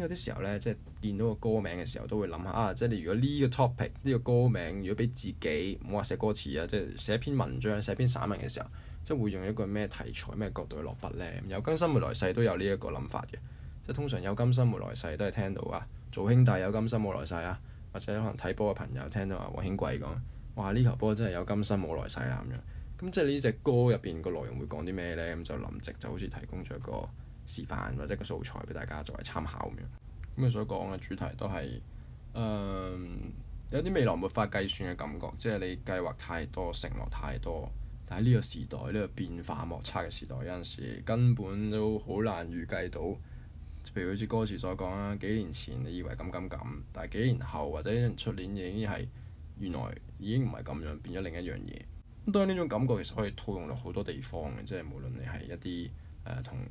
有啲時候呢，即係見到個歌名嘅時候，都會諗下啊！即係你如果呢個 topic、呢個歌名，如果俾自己冇話寫歌詞啊，即係寫篇文章、寫篇散文嘅時候，即係會用一個咩題材、咩角度去落筆呢？有今生沒來世都有呢一個諗法嘅。即係通常有今生沒來世都係聽到啊，做兄弟有今生冇來世啊，或者可能睇波嘅朋友聽到啊，黃興貴講：哇！呢球波真係有今生冇來世啦咁樣。咁即係呢隻歌入邊個內容會講啲咩呢？咁就林夕就好似提供咗一個示範或者個素材俾大家作為參考咁樣。咁佢所講嘅主題都係誒、呃、有啲未來沒法計算嘅感覺，即係你計劃太多，承諾太多，但係呢個時代呢、呢個變化莫測嘅時代，有陣時根本都好難預計到。譬如好似歌詞所講啦，幾年前你以為咁咁咁，但係幾年後或者出年已經係原來已經唔係咁樣，變咗另一樣嘢。咁當然呢種感覺其實可以套用到好多地方嘅，即係無論你係一啲誒同。呃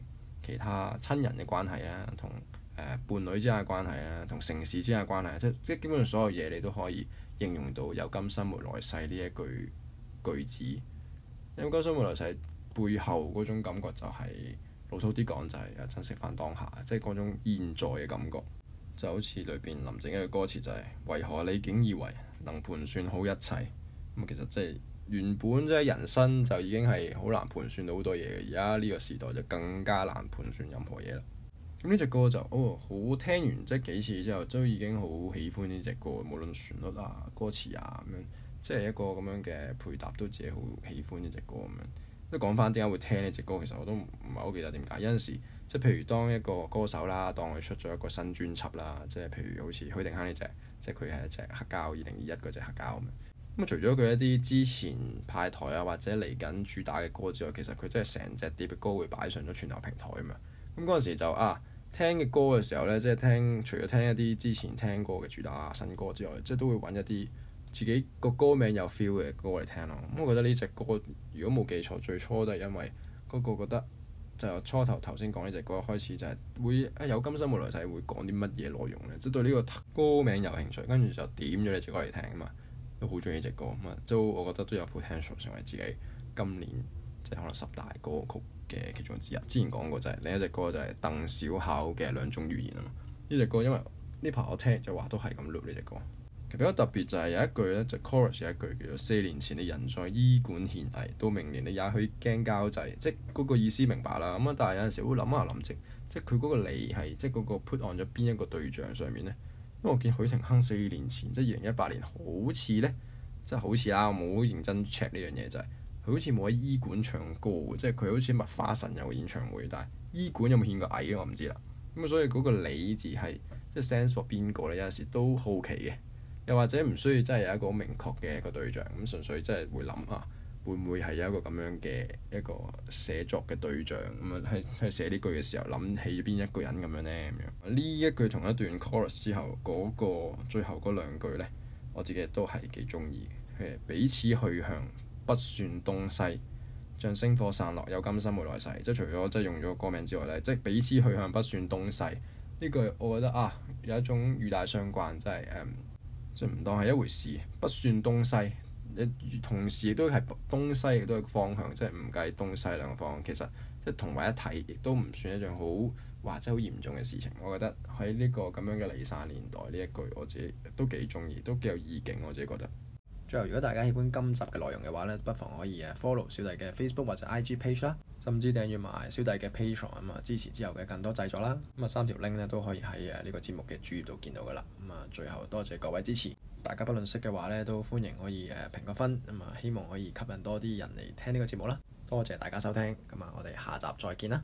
其他親人嘅關係啦，同誒、呃、伴侶之間嘅關係啦，同城市之間嘅關係，即即基本上所有嘢你都可以應用到有今生沒來世呢一句句子。因為今生沒來世背後嗰種感覺就係老土啲講就係珍惜返當下，即係嗰種現在嘅感覺。就好似裏邊林夕嘅歌詞就係、是、為何你竟以為能盤算好一切？咁其實即、就、係、是。原本即係人生就已經係好難盤算到好多嘢嘅，而家呢個時代就更加難盤算任何嘢啦。咁呢隻歌就哦，好聽完即係幾次之後，都已經好喜歡呢隻歌，無論旋律啊、歌詞啊咁樣，即係一個咁樣嘅配搭都自己好喜歡呢隻歌咁樣。都講翻點解會聽呢隻歌，其實我都唔係好記得點解。有陣時即係譬如當一個歌手啦，當佢出咗一個新專輯啦，即係譬如好似許廷鏗呢隻，即係佢係一隻黑膠，二零二一嗰隻黑膠咁樣。咁除咗佢一啲之前派台啊，或者嚟緊主打嘅歌之外，其實佢真係成隻碟嘅歌會擺上咗全球平台啊嘛。咁嗰陣時就啊，聽嘅歌嘅時候呢，即係聽除咗聽一啲之前聽過嘅主打、啊、新歌之外，即係都會揾一啲自己個歌名有 feel 嘅歌嚟聽咯。咁我覺得呢隻歌如果冇記錯，最初都係因為嗰、那個覺得就初頭頭先講呢隻歌開始，就係會啊有今生冇來世會講啲乜嘢內容呢，即係對呢個歌名有興趣，跟住就點咗呢隻歌嚟聽啊嘛。都好中意呢隻歌咁啊，都我覺得都有 potential 成為自己今年即係、就是、可能十大歌曲嘅其中之一。之前講過就係、是、另一隻歌就係鄧小巧嘅兩種語言啊嘛。呢隻歌因為呢排我聽就話都係咁錄呢隻歌，其實比較特別就係有一句咧就 chorus、是、有一句叫做四年前你人在醫管獻藝，到明年你也許驚交際，即係嗰、那個意思明白啦。咁啊，但係有陣時會諗下林夕，即係佢嗰個嚟係即係嗰個 put on 咗邊一個對象上面咧？因為我見許廷鏗四年前即係二零一八年，好似咧，即係好似啦，我冇認真 check 呢樣嘢就係，佢好似冇喺醫館唱歌嘅，即係佢好似麥花臣有個演唱會，但係醫館有冇獻過藝咧我唔知啦。咁啊，所以嗰個你字係即係 sense for 邊個咧？有陣時都好奇嘅，又或者唔需要真係有一個好明確嘅一個對象，咁純粹即係會諗下。會唔會係有一個咁樣嘅一個寫作嘅對象咁啊？喺喺寫呢句嘅時候諗起邊一個人咁樣呢？咁樣呢一句同一段 chorus 之後嗰個最後嗰兩句呢，我自己都係幾中意嘅。彼此去向不算東西，像星火散落，有今生無來世。即係除咗即係用咗個歌名之外呢，即係彼此去向不算東西呢句，我覺得啊有一種語帶相關，即係即係唔當係一回事，不算東西。同時都係東西都係方向，即係唔計東西兩個方向，其實即係同埋一睇，亦都唔算一樣好或者好嚴重嘅事情。我覺得喺呢、這個咁樣嘅離散年代，呢一句我自己都幾鍾意，都幾有意境。我自己覺得。最後，如果大家喜歡今集嘅內容嘅話咧，不妨可以啊 follow 小弟嘅 Facebook 或者 IG page 啦，甚至訂閲埋小弟嘅 Patreon 啊支持之後嘅更多製作啦。咁啊，三條 link 咧都可以喺誒呢個節目嘅主頁度見到噶啦。咁啊，最後多謝各位支持，大家不吝惜嘅話咧，都歡迎可以誒評個分啊希望可以吸引多啲人嚟聽呢個節目啦。多謝大家收聽，咁啊，我哋下集再見啦。